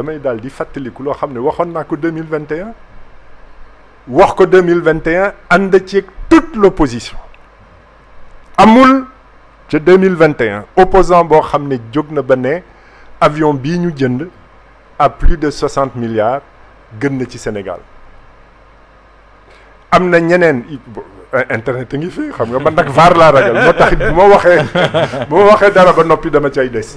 damay d'Al di fàttaliku loo xam ne waxoon naa ko 2021 wax ko 2021 ànd ci toute l'opposition amul ca 2021 opposant boo xam ne jóg na ba ne avion bii ñu jënd à plus de 60 milliards gën na ci Sénégal am na ñeneen internet a ngi fi xam nga man nag vaar laa ragal moo tax bu ma waxee bu ma waxee dara ba noppi dama cay des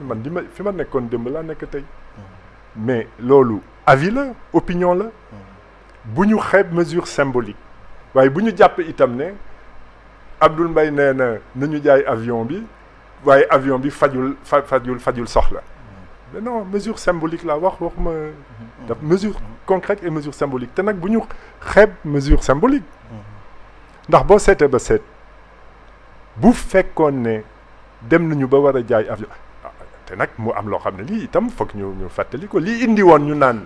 man di ma fi ma nekkoon démb laa nekk tey mais loolu avis opinion la bu ñu mesure symbolique waaye bu ñu jàpp itam ne Abdoul Mbaye nee na nañu jaay avion bi waaye avion bi fajul fa fajul fajul soxla mais non mesure symbolique la wax ma daf mesure concrète et mesure symbolique te nag bu ñu mesure symbolique ndax boo seetee ba seet bu fekkoon ne dem nañu ba war jaay avion té nak mo am lo xamné li itam ñu ñu fatali ko li indi won ñu naan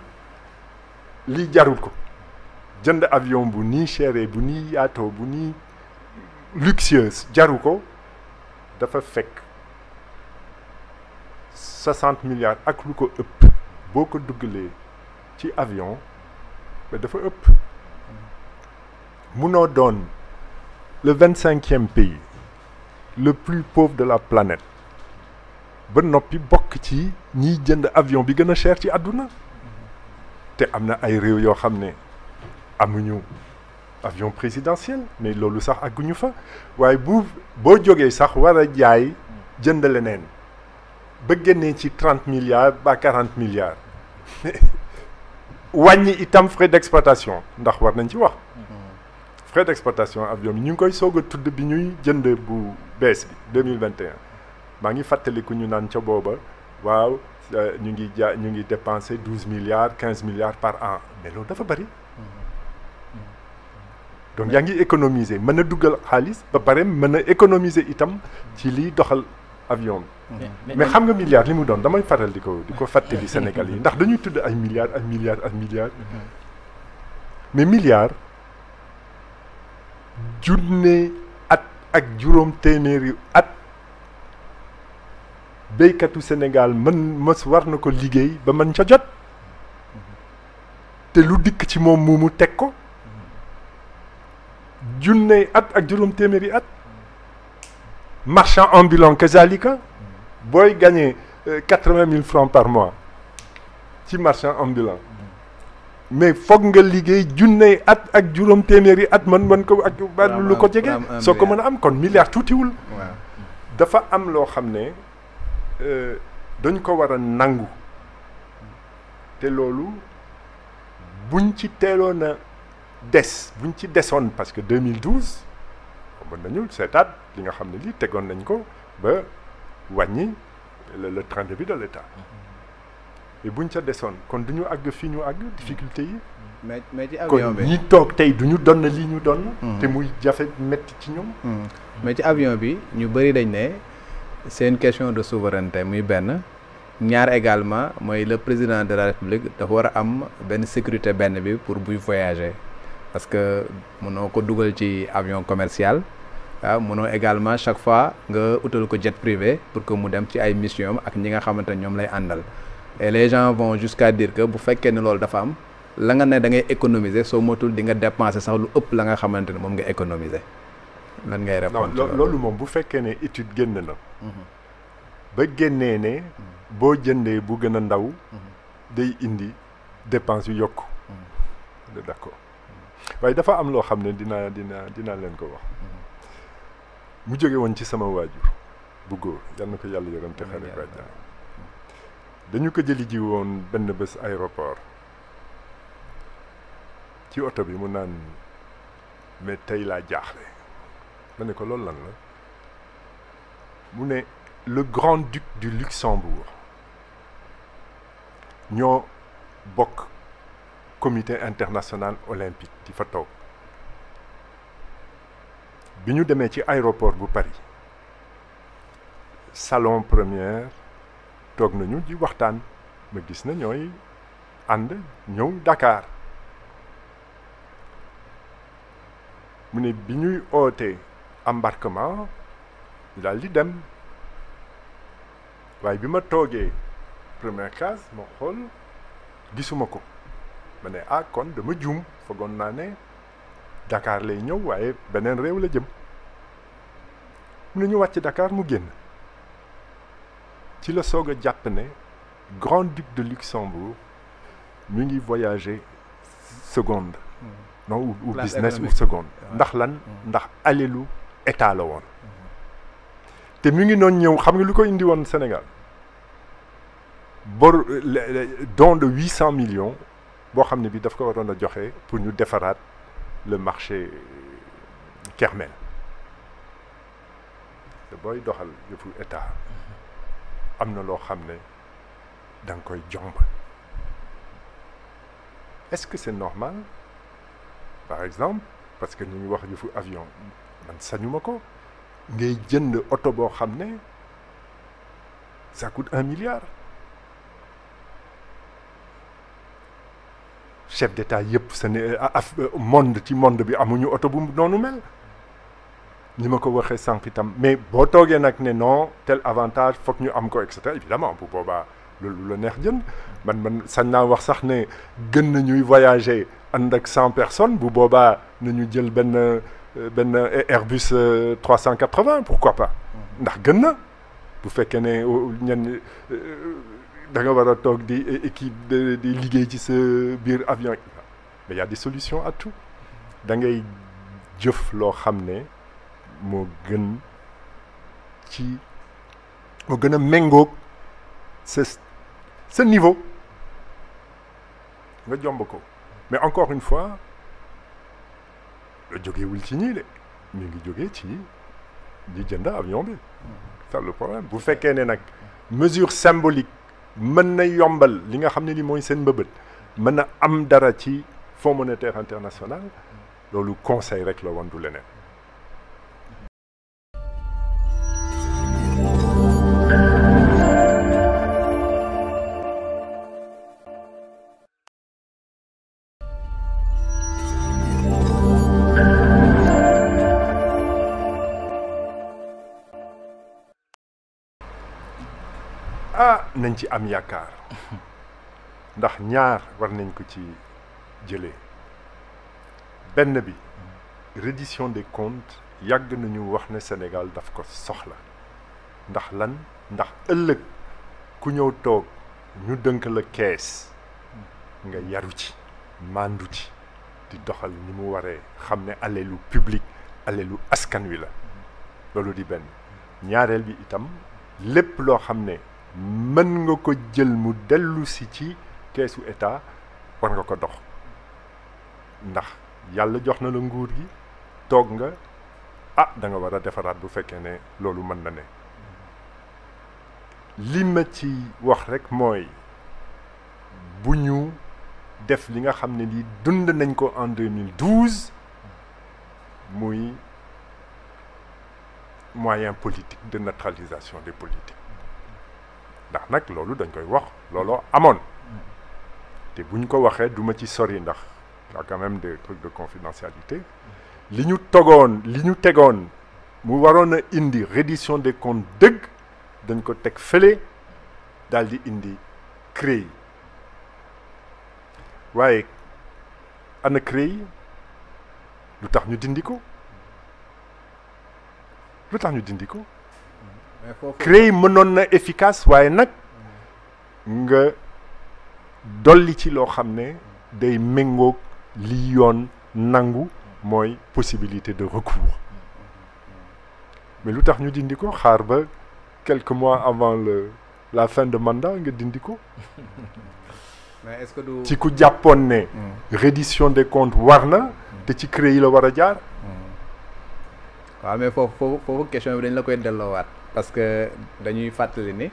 li jarul ko jënd avion bu ni chéré bu ni yaatoo bu ni luxueuse jaru ko dafa fekk soixante milliards ak lu ko ëpp boko ci avion ba dafa ëpp mëno doon le vingt-cinquième pays le plus pauvre de la planète ba nopi bok ci ñi jënd avion bi gëna cher ci aduna. té amna ay réew yo xamné amuñu avion présidentiel mais loolu sax aguñu fa waye bu bo joggé sax wara jaay jënd leneen ba génnee ci trente milliards ba quarante milliards wañi itam frais d'exploitation ndax war nañ ci wax mm-hmm. frais d'exploitation avion ñu koy soog a tudd bi ñuy jënd bu bees bi 2021 Mangi ngi fàttaliku ñu naan ca booba waaw euh, ñu ngi ja ñu ngi dépenser douze milliards quinze milliards par an mais loolu dafa bari donc yaa ngi économiser mën a dugal xaalis ba pare mën a économiser itam ci liy doxal avion bi mais xam nga milliards li mu doon damay faral di ko di ko fàttali Sénégal yi ndax dañuy tudd ay milliards ay milliards ay milliards mais milliards junne at ak juróom téeméeri at béykatu Sénégal senegal, mës war na ko liggéey ba man ca jot te lu dikk ci moom mu mu teg ko junne at ak juróom téeméeri at marchand ambulant kazalika booy gagné euh, quatre-vingt mille francs par mois ci marchand ambulant mais foog nga liggéey junne at ak juróom téeméeri at man man ko ak lu ko jege soo ko mën a am kon milliard tuutiwul dafa am loo xam ne euh, dañ ko war a nangu te loolu buñ ci teeloon a des buñ ci desoon parce que 2012 mën nañu seetaat li nga xam ne lii tegoon nañ ko ba wàññi le train de vie de l'État et buñ ca desoon kon duñu ñu àgg fii ñu àgg difficulté yi. mais mais ci avion bi kon ñi toog tey du ñu doon li ñu doon. te muy jafe metti ci ñoom. Mm-hmm. mais ci avion bi ñu bëri dañ ne. C'est une question de souveraineté muy ben ñaar également moy le président de la république da wara am ben sécurité ben bi pour buy voyager parce que mënoo ko dugal ci avion commercial waaw ah, également chaque fois nga utal ko jet privé pour que mu dem ci ay mission ak ñi nga xamante ne lay andal et les gens vont jusqu'à dire que bu fekké ne lool dafa am la nga né da ngay économiser so motul di nga dépenser sax lu ëpp la nga xamante mom nga économiser nan ngay répondre loolu moom bu fekkee ne étude génn na. ba génnee ne boo jëndee bu gën a ndaw day indi dépense yu yokk d'accord waaye dafa am loo xam ne dina dina dinaa leen ko wax mu jóge woon ci sama waajur bu góor ko yàlla yërëm te xare ko àjjana dañu ko jëli ji woon benn bés aéroport ci oto bi mu naan mais tey laa jaaxle ma le grand-duc du Luxembourg Nous avons le comité international olympique di fa toog bi l'aéroport aéroport bu Paris salon première Nous nañu di waxtaan ma gis na Dakar Nous sommes bi embarquement daal di l'idem waaye bi ma première classe mo xol gisuma ko ma ne ah, kon dama juum foogoon naa ne Dakar lay ñëw waaye benen rew la jëm mu ñu wacc Dakar mu génn ci la soga japp né ne grand duc de Luxembourg mu ngi voyager seconde hmm. non ou business ou seconde ndax lan hmm. ndax alelu état la won té mi ngi noonu ñëw xam nga lu indi won Sénégal bor don de 800 millions bo xamné bi daf ko pour ñu defaraat le marché Kermel te booy doxal yëfu état amna lo xamné dang koy jomb est-ce que c'est normal par exemple parce que ñu wax yëfu avion man sañuma ko ngay jënd auto boo xam ne ça coûte un milliard chef d'état yëpp ce ne monde ci monde bi amuñu auto bu noonu mel ni ma ko waxee sànq itam mais boo toogee nag ne non tel avantage foog ñu am ko et cetera évidemment bu boobaa loolu la neex jënd man man sañ naa wax sax ne gën nañuy voyager ànd ak cent personnes bu boobaa nañu jël benn euh, ben euh, Airbus 380 euh, pourquoi pas mhm. N'argen? Vous faites bu fekkee ne da nga war a toog di équipe di liggéey ci avion mais il y a des solutions à tout da ngay jëf loo xam ne moo gën ci mo gëna mengo ce ce niveau nga jomb ko mais encore une fois le ci avion c'est le problème Vous faites mesure symbolique mën na yombal li nga que mbëbët mën Fonds monétaire international le conseil avec le nañ ci am yaakaar ndax ñaar war nañ ko ci jëlee benn bi reddition de comptes yàgg nañu wax ne senegal daf ko soxla ndax lan ndax ëllëg ku ñëw toog ñu dënk la kees nga yaru ci màndu ci di doxal ni mu waree xam ne alelu public alelu askan wi la loolu di benn ñaareel bi itam lépp loo xam ne man nga ko jël mu dellu si ci keesu état war nga ko dox ndax yàlla jox na la nguur gi toog nga ah da nga war a defaraat bu fekkee ne loolu mën na ne li ma ci wax rek mooy bu ñu def li nga xam ne lii dund nañ ko en 2012 muy moyen politique de neutralisation des politiques ndax nag dañ koy wax des té buñ ko waxé duma ci sori ndax a quand même des trucs de confidentialité liñu liñu mu warona indi reddition des comptes deug dañ ko félé indi créé. ana créer lutax ñu dindiko ñu créer yi mënoon na efficace waaye nag nga doli ci lo xamné day mengo li yoon nangu moy possibilité de recours mais lu ñu dindiko xaar ba quelques mois avant le la fin de mandat nga dindiko mais est-ce que ko ci ku jàppoon ne hmm. reddition des comptes warna té ci créer le wara jaar hmm. Hmm. waaw mais fofu fofu question bi dañ la koy delloowaat parce que dañuy fàttali ni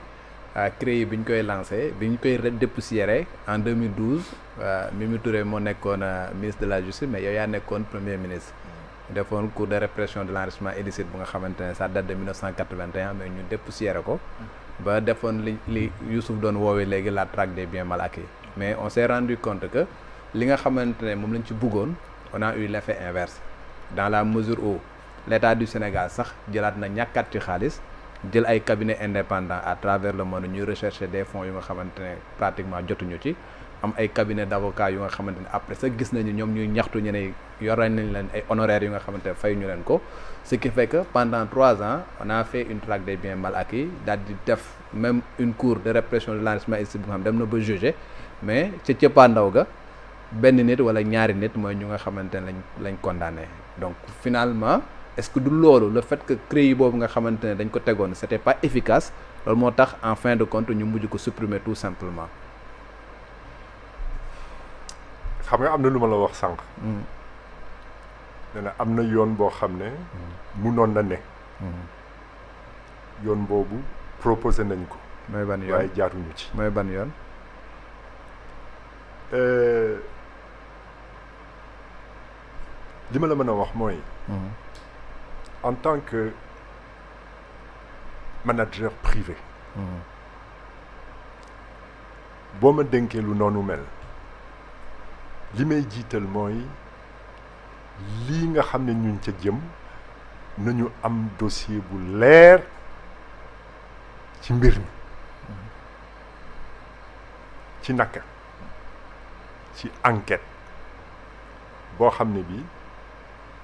euh, créé bi ñu koy lancé biñ koy dépoussiéré en 2012 euh, Mimi Touré mo euh, ministre de la justice mais yow ya nékkone premier ministre. un cours de répression de l'enrichissement illicite bu nga ça date de 1981 mais ñu dépoussiéré ko. ba defoon li li Youssouf doon wowe légui la traque des biens mal acquis mais on s'est rendu compte que li nga xamante mom lañ ci on a eu l'effet inverse dans la mesure où l'État du Sénégal sax jëlat na 4 ci jël ay cabinet indépendant à travers le monde ñu rechercher des fonds yu nga xamantene pratiquement jotu ñu ci am ay cabinet d'avocats, yu nga xamantene après ça. gis nañu ñom ñuy ñaxtu ñene ne yoroon nañ leen ay honoraires yu nga xamantene fay ñu leen ko ce qui fait que pendant trois ans on a fait une traque des biens mal acquis dal di def même une cour de répression de l'enrichissement illicite bu nga xam dem na ba juger mais ca cëppaandaw ga ben nit wala ñaari nit moy ñu nga xamantene lañ condamné donc finalement est-ce que du loolu le fait que CREI bobu nga xamantene dañ ko tegoon c'était pas efficace loolu motax en fin de compte ñu mujj ko supprimer tout simplement. xam nga am la wax sank hmm na amna na yoon boo xam ne. Hmm. munoon na hmm yoon bobu proposé nañ ko. may ban yoon jaatu ñu ci. may ban yoon. euh ma la mëna wax moy hmm en tant que manager privé hmm. boo ma dénkee lu noonu mel li may jiital mooy lii nga xam ne ñun ca jëm nañu am dossier bu leer ci mbir hmm. ci ci enquête bo xam bi.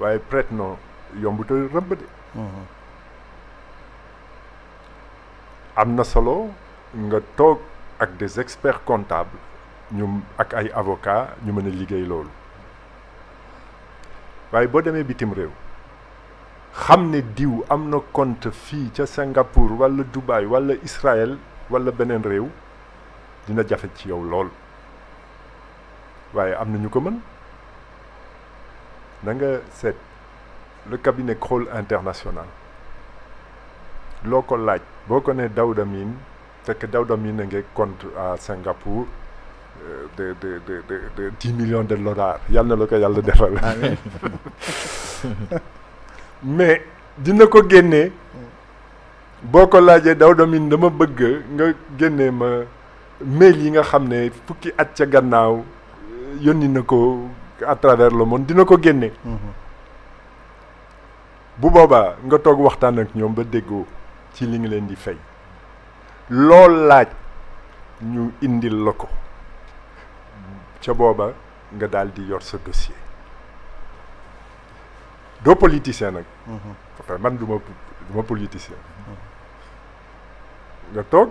waaye prêtre non yombut a rëbb de am na solo nga toog ak des experts comptables ñu ak ay avocats ñu mën a liggéey loolu waaye boo demee bitim réew xam ne diw am na compte fii ca Singapour walla Dubaï walla Israël walla beneen réew dina jafe ci yow lool waaye am na ñu ko mën c'est le cabinet Kroll international loo ko laaj vous connaissez ne c'est que Daoudamine Daouda Mine a compte à Singapour euh, de de de de 10 millions de dollars yàlla na defal ah mais dina ko génnee boo ko laajee Daouda Mine dama bëgg nga génnee ma mail yi nga xam fukki at gannaaw euh, yoni nako à travers le monde dina ko génne. Mhm. bu boobaa nga toog waxtaan ak ñoom ba déggoo ci li nga leen di fay lool laaj ñu indil la ko ca booba nga daal di yor sa dossier doo politicien nag. Mhm. man du politicien nga toog.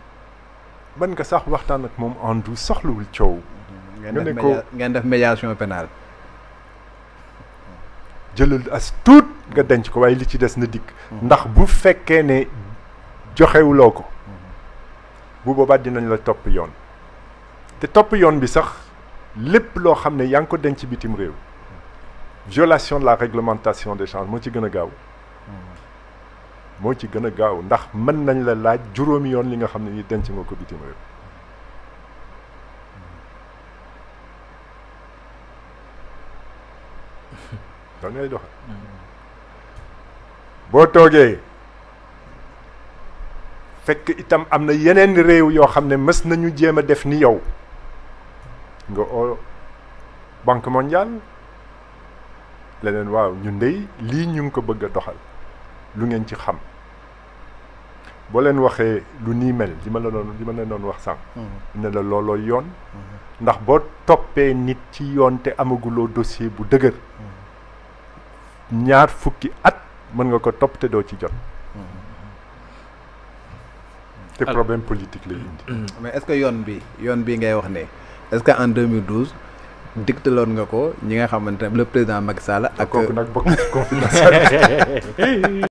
ban nga sax waxtaan ak moom en douce soxlawul coow. ne ko ngeen def médiation pénale. jëlul as tuut nga denc ko waaye li ci des na dikk. Mm-hmm. ndax bu fekkee ne joxewuloo ko. Mm-hmm. bu boobaa dinañ la topp yoon. te topp yoon bi sax lépp loo xam ne yaa ngi ko denc bitim réew. Mm-hmm. violation de la réglementation des changes moo ci gën a gaaw. moo ci gën a gaaw ndax mën nañ la laaj juróomi yoon li nga xam ne ni denc nga ko bitim réew da hmm. ngay dox boo toogee fekk itam am na yeneen réew yoo xam ne mës nañu jéem a def ni yow nga oo banque mondiale leneen waaw ñu dey lii ñu ngi ko bëgg a doxal lu ngeen ci xam boo leen waxee lu ni mel dima la non dima la non wax sax mhm. ne la lolo yon mhm. ndax bo topé nit ci yoon te dossier bu deuguer mhm. ñaar fukki at man nga ko top té do ci jot. té problème politique lay indi. mais est-ce que yon bi yon bi ngay wax ne est-ce que en 2012. digtaloon nga ko ñi nga xamantene le président Macky Sall. ak kooku bokk confidentiel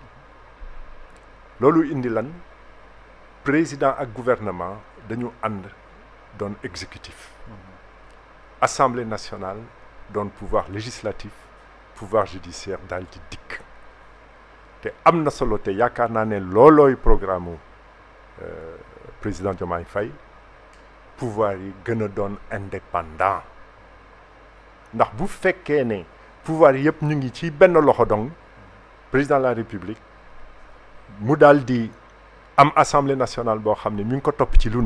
lolu indi lan président ak gouvernement dañu and don exécutif assemblée nationale le pouvoir législatif pouvoir judiciaire dans le dikk té amna solo un yakarna né ne programme euh, président Diomaye Faye pouvoir yi gën indépendant ndax bu féké ne pouvoir yépp ñu ngi ci président de la république mu daldi am assemblée nationale bo xamné mi ngi ko top ci lu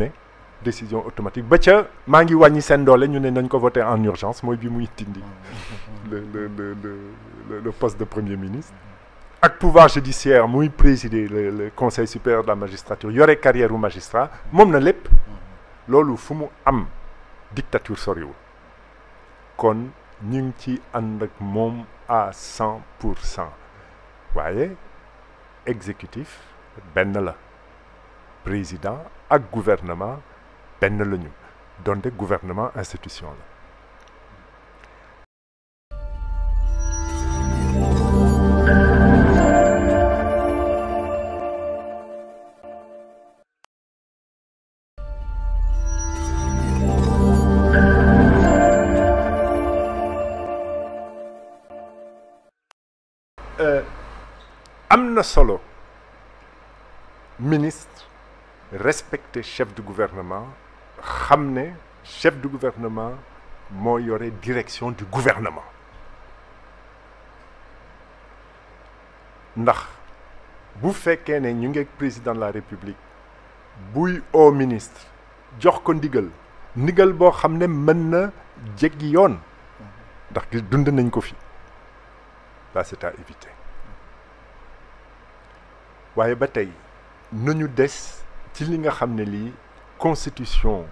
décision automatique ba ca ma ngi doole ñu ne nañ ko en urgence moy bi muy tindi le le le le le poste de premier ministre ak pouvoir judiciaire muy présider le conseil supérieur de la magistrature yoré carrière ou magistrat mom na lepp que fu mu am dictature wu kon ñing ci and ak à 100%. pour exécutif ben président à gouvernement ben Donc, des gouvernement institution Un solo ministre respecté chef du gouvernement ramené chef du gouvernement y direction du gouvernement président de la république bouille au ministre jox ko là c'est à éviter Waye batay tey nañu des ci li nga xamné li constitution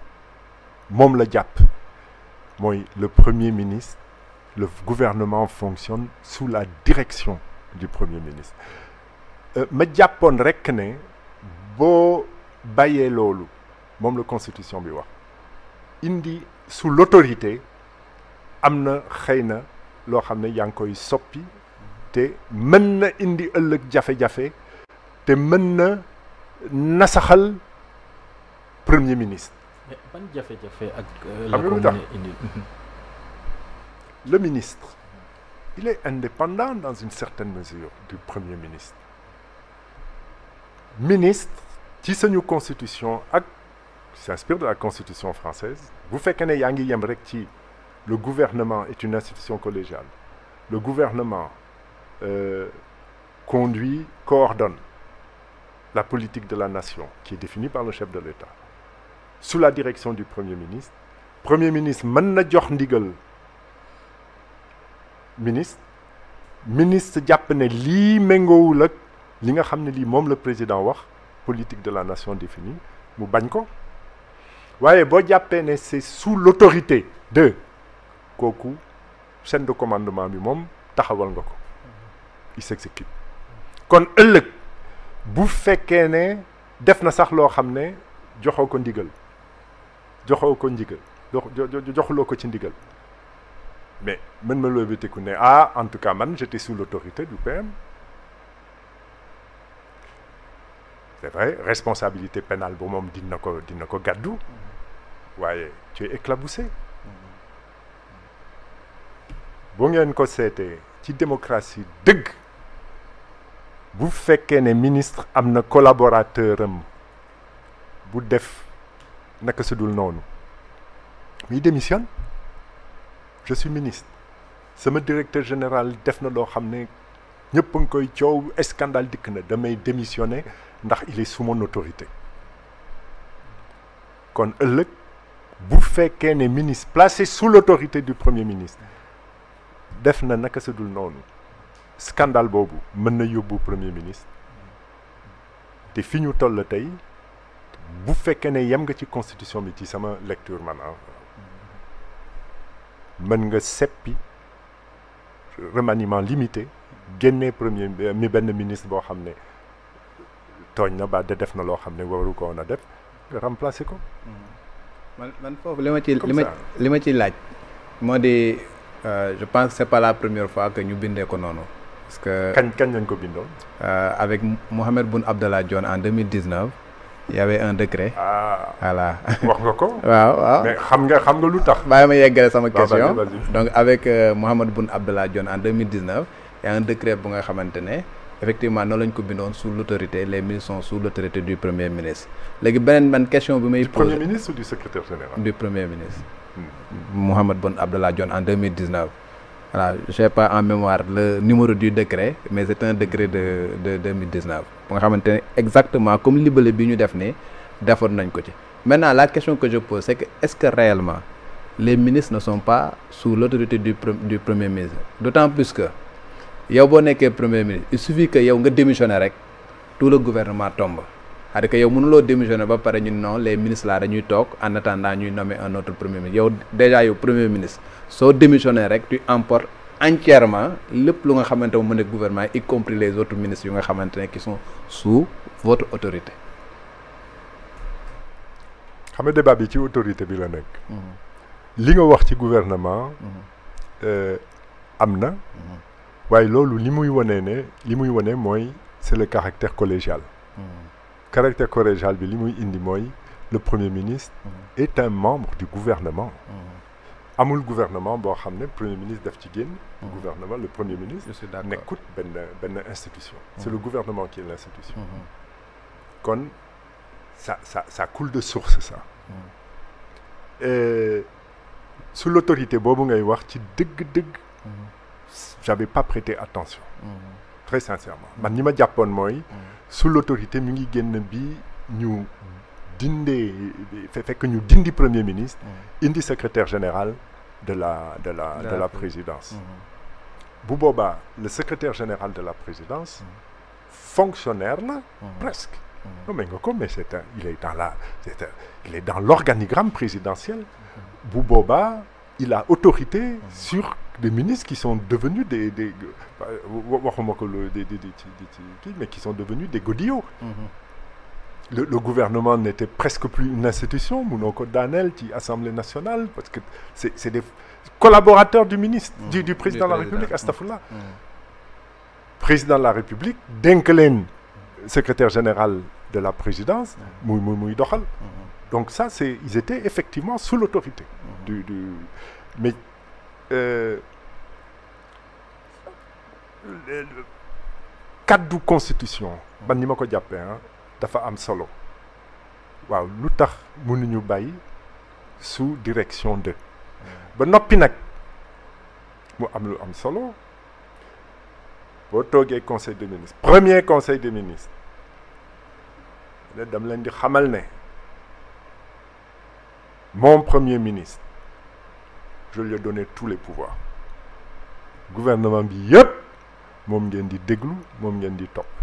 mom la japp moy le premier ministre le gouvernement fonctionne sous la direction du premier ministre euh, ma jappone rek ne bo baye loolu mom la constitution bi wax indi sous l'autorité amna xeyna lo xamné loo koy soppi té indi ëllëg jafe-jafe te a premier ministre. Euh, le ministre il est indépendant dans une certaine mesure du premier ministre ministre qui constitution s'inspire de la constitution française vous faites qu'un le gouvernement est une institution collégiale le gouvernement euh, conduit coordonne la politique de la nation, qui est définie par le chef de l'État, sous la direction du Premier ministre. Premier ministre Manna ministre ministre japonais Li li nga président wax politique de la nation définie mu Oui, ko c'est sous l'autorité de Le chaîne de commandement bi mom taxawal il s'exécute kon bu fekkee ne def na sax loo xam ne joxoo ko ndigal joxoo ko ndigal joxuloo ko ci ndigal mais man ma loobeteku ne ah en tout cas man j'étais sous l'autorité du PM c'est vrai responsabilité pénale bu moom dina ko dina ko gàddu waaye tu es éclaboussé bu ngeen ko seetee ci démocratie dëgg bu fekkee ministre am un collaborateur am bu def naka sudul noonu il démissionne je suis ministre Mon directeur général def na loo xam ne ñëpp un koy scandale dikk na damay il est sous mon autorité kon ëllëg bu fekkee ministre placé sous l'autorité du premier ministre def na naka scandale Bobu, mën na yobbu premier ministre te fi ñu toll tey bu fekkee ne yem nga ci constitution bi ci sama lecture man mën nga seppi remaniement limité génne premier euh, mi benn ministre boo xam ne tooñ na ba de def na loo xam ne waru ko woon a def remplacer ko. Mm-hmm. man man foofu li ma ci li ma li ma ci laaj. moo euh, je pense c'est pas la première fois que ñu bindee ko noonu parce que euh, avec Mohamed Boun Abdallah John en 2019. il y avait un décret. Ah, voilà wax nga ko. waaw mais xam nga xam Je vais tax. bàyyi ma question donc avec euh, Mohamed Boun Abdallah Dion en 2019 il y a un décret qui vous savez. effectivement nous lañ ko sous l'autorité les ministres sont sous l'autorité du premier ministre léegi beneen question bi may. du premier ministre ou du secrétaire général. du premier ministre. Hmm, hmm. Mohamed Boun Abdallah John en 2019 je n'ai pas en mémoire le numéro du décret mais c'est un décret de 2019 Je exactement comme libellé bi def ne maintenant la question que je pose c'est que est-ce que réellement les ministres ne sont pas sous l'autorité du premier ministre d'autant plus que yow premier ministre il suffit que yow nga tout le gouvernement tombe Alors que démissionner non les ministres là dañuy en attendant de nommer un autre premier ministre yow déjà un premier ministre soo démissionnaire, tu emportes entièrement lépp lu nga xamante mu le gouvernement y compris les autres ministres nga qui sont sous votre autorité xam nga débat bi ci autorité bi la nekk mhm. li nga wax ci gouvernement mhm. euh, am na mhm. waaye loolu li muy ne li muy c'est le caractère collégial caractère collégial bi li muy indi le premier ministre est un membre du gouvernement Amoul gouvernement le xamné premier ministre daf le mm. gouvernement le premier ministre n'écoute pas l'institution. institution mm. c'est le gouvernement qui est l'institution mm-hmm. kon ça ça ça coule de source ça mm. Sous l'autorité bobu ngay wax ci mm-hmm. j'avais pas prêté attention mm-hmm. très sincèrement man ni ma japon l'autorité mi ngi guen bi fait que nous dindi premier ministre indi secrétaire général de la de la de présidence Bouboba le secrétaire général de la présidence fonctionnaire presque mais il est dans il est dans l'organigramme présidentiel Bouboba il a autorité sur des ministres qui sont devenus des des des mais qui sont devenus des godillots le, gouvernement n'était presque plus une institution, Mounoko Danel, qui Assemblée nationale, parce que c'est des collaborateurs du ministre, du, mm. mm. Mm. président de la République, astafoula. Président de la République, Denkelen, secrétaire général de la présidence, Mouy Donc ça, ils étaient effectivement sous l'autorité. Du, mais euh, le, cadre de constitution, je ne pas dafa am solo waaw lu tax mënuñu bàyyi sous direction de hmm. ba noppi nag mu am am solo boo conseil des ministres premier conseil des ministres la dam leen di xamal ne mon premier ministre je lui ai donné tous les pouvoirs gouvernement bi yépp moom ngeen di déglu moom ngeen di topp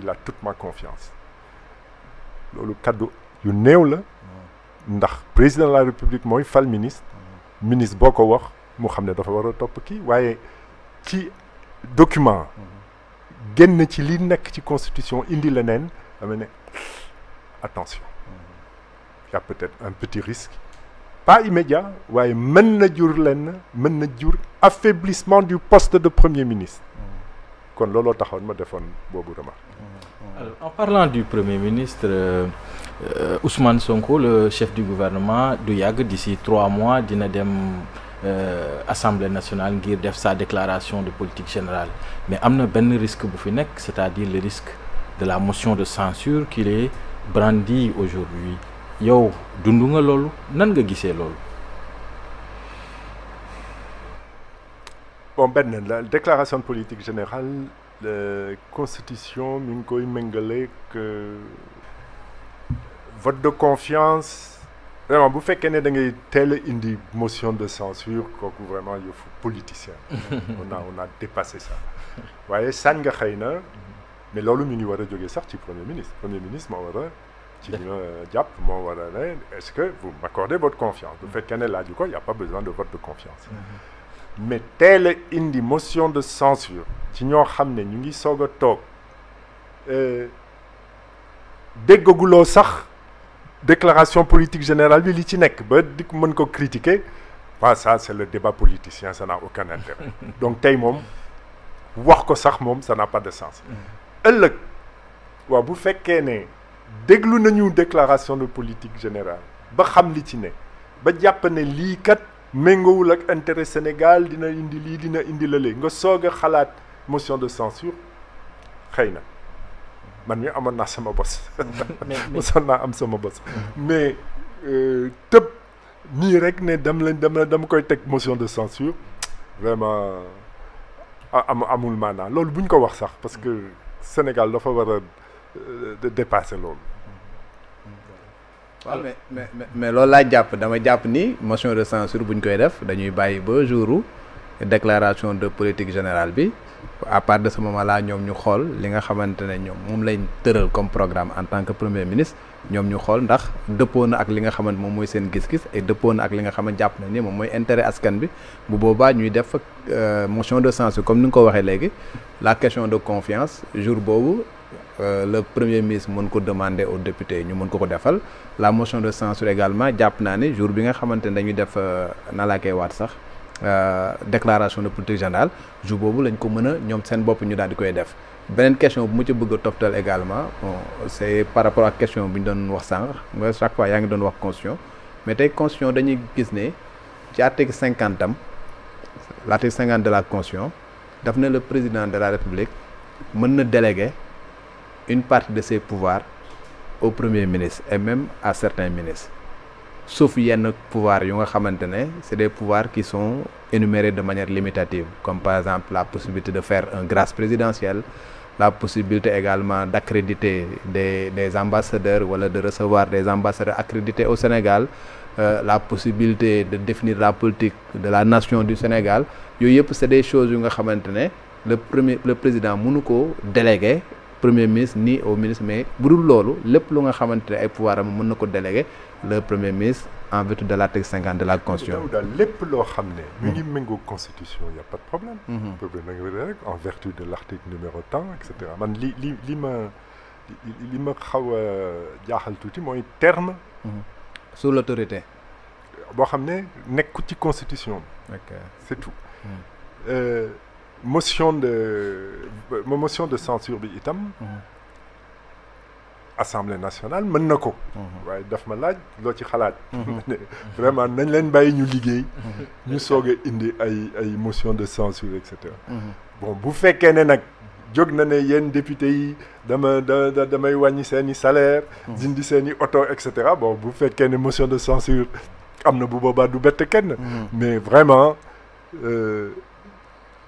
il a toute ma confiance Le cadeau, yu la président de la république le fal ministre ministre boko Mohamed, wax mu dafa document qui ci li ci constitution indi attention, il y a peut-être un petit risque pas immédiat mais affaiblissement du poste de premier ministre en parlant du premier ministre euh, Ousmane Sonko le chef du gouvernement du d'ici trois mois dina euh, assemblée nationale ngir def sa déclaration de politique générale mais y y risque bu c'est-à-dire le risque de la motion de censure qu'il est brandi aujourd'hui yo, dundou nga nan nga gisé lolo. Bon, ben, la déclaration de politique générale, la constitution, Minkoy Mengele, que vote de confiance, vraiment, vous faites qu'il y ait telle une motion de censure que vraiment, il faut politicien. on, a, on a dépassé ça. Vous voyez, ça nga xeyna mais lolu mi ngi wara joggé sax premier ministre. Premier ministre je wara dis, est-ce que vous m'accordez votre confiance? Vous faites qu'elle là du coup, il n'y a pas besoin de vote de confiance. Mm-hmm mais telle une motion de censure ci ñoo xam ñu euh, déclaration politique générale bi li ci bah, ça c'est le débat politicien ça n'a aucun intérêt donc ça n'a pas de sens mm-hmm. déclaration de politique générale méngoowul ak intérêt Sénégal dina indi lii dina indi lele nga soog a motion de censure xëy man mi amoon naa sama mais mais naa am sama boss mais euh, tepp ni rek ne dam lañ dam koy tek motion de censure vraiment am amul mana loolu buñ ko wax sax parce que Sénégal dafa wara de euh, dépasser loolu mais mais mais loolu laa jàpp dama japp ni motion de censure buñ koy def dañuy bayyi ba jouru déclaration de politique générale bi à part de ce moment là ñom ñu xol li nga xamantene ñom mom lañ tëral comme programme en tant que premier ministre ñom ñu xol ndax depon ak li nga xamante mom moy seen gis-gis et depon ak li nga xamante japp na ni mom moy intérêt askan bi bu boba ñuy def euh, motion de censure comme ni ko waxé légui la question de confiance jour bobu euh, le premier ministre mën ko demander aux députés ñu mën ko ko la motion de censure également japp naa ne jour bi nga xamante dañuy def euh, nalaké wat sax euh déclaration de politique générale jour bobu lañ ko mëna ñom sen bop ñu dal di koy def benen question bu mu ci bëgg toftal également bon c'est par rapport à question bu ñu doon wax sànq nga chaque fois ya ngi doon wax constitution mais tay constitution dañuy gis né ci article 50 am l'article 50 de la constitution daf né le président de la république mëna déléguer délégué une partie de ses pouvoirs au premier ministre et même à certains ministres sauf qu'il pouvoir a c'est des pouvoirs qui sont énumérés de manière limitative comme par exemple la possibilité de faire un grâce présidentielle la possibilité également d'accréditer des ambassadeurs ou de recevoir des ambassadeurs accrédités au Sénégal euh, la possibilité de définir la politique de la nation du Sénégal des choses que le premier le président Mounouko ko premier ministre ni au ministre mais bu lolu lepp lu nga xamantene ay pouvoir mën nako déléguer délégué le premier ministre en vertu de l'article 50 de la constitution le lepp lo xamné ne mm. ngi y a pas de problème mm-hmm. problème en vertu de l'article numéro tant etc mais man li li li ma li ma xaw a jaaxal terme mm-hmm. sous l'autorité bo xamné ne nekku ci constitution c'est tout mm. euh, motion de motion de censure bi itam mhm. assemblée nationale mën na ko mhm. waaye daf ma laaj loo ci xalaat mhm. vraiment nañ leen bàyyi ñu liggéey ñu soog a indi ay ay motion de censure et cetera bon bu fekkee ne nag jóg na ne yéen député yi dama da damay wàññi seen i salaire dindi seen i oto et cetera bon bu fekkee ne motion de censure am na bu boobaa du bett kenn mais vraiment euh,